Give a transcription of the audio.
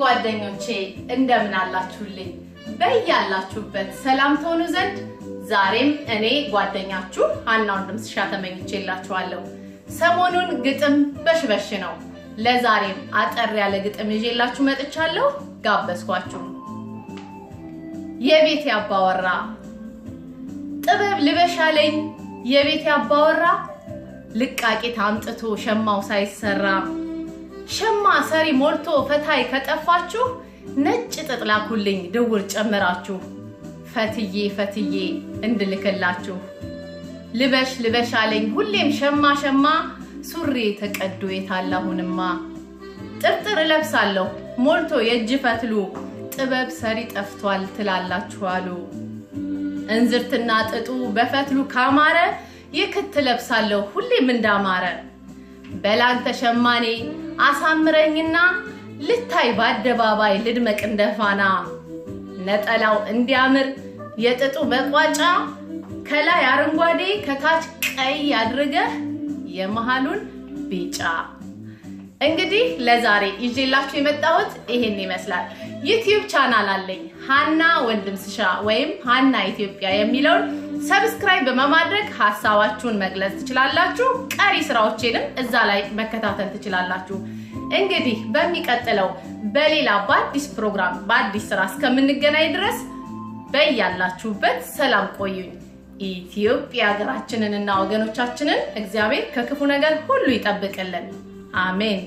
ጓደኞቼ እንደምን አላችሁልኝ? በያላችሁበት ሰላም ተሆኑ ዘንድ ዛሬም እኔ ጓደኛችሁ ሀና ወንድምስሻ ተመኝቼላችኋለሁ። ሰሞኑን ግጥም በሽበሽ ነው። ለዛሬም አጠር ያለ ግጥም ይዤላችሁ መጥቻለሁ። ጋበዝኳችሁ። የቤት ያባወራ ጥበብ ልበሻለኝ የቤት ያባወራ ልቃቂት አምጥቶ ሸማው ሳይሰራ ሸማ ሰሪ ሞልቶ ፈታይ ከጠፋችሁ ነጭ ጥጥ ላኩልኝ ድውር ጨምራችሁ ፈትዬ ፈትዬ እንድልክላችሁ ልበሽ ልበሽ አለኝ ሁሌም ሸማ ሸማ ሱሪ ተቀዶ የታላሁንማ ጥርጥር እለብሳለሁ ሞልቶ የእጅ ፈትሉ ጥበብ ሰሪ ጠፍቷል ትላላችሁ አሉ። እንዝርትና ጥጡ በፈትሉ ካማረ የክት ለብሳለሁ ሁሌም እንዳማረ በላንተ ሸማኔ አሳምረኝና ልታይ በአደባባይ ልድመቅ እንደፋና ነጠላው እንዲያምር የጥጡ መቋጫ ከላይ አረንጓዴ ከታች ቀይ አድርገህ የመሃሉን ቢጫ። እንግዲህ ለዛሬ ይዤላችሁ የመጣሁት ይሄን ይመስላል። ዩቲዩብ ቻናል አለኝ ሀና ወንድምስሻ ወይም ሀና ኢትዮጵያ የሚለውን ሰብስክራይብ በማድረግ ሀሳባችሁን መግለጽ ትችላላችሁ። ቀሪ ስራዎቼንም እዛ ላይ መከታተል ትችላላችሁ። እንግዲህ በሚቀጥለው በሌላ በአዲስ ፕሮግራም በአዲስ ስራ እስከምንገናኝ ድረስ በያላችሁበት ሰላም ቆዩኝ። ኢትዮጵያ ሀገራችንንና ወገኖቻችንን እግዚአብሔር ከክፉ ነገር ሁሉ ይጠብቅልን። አሜን።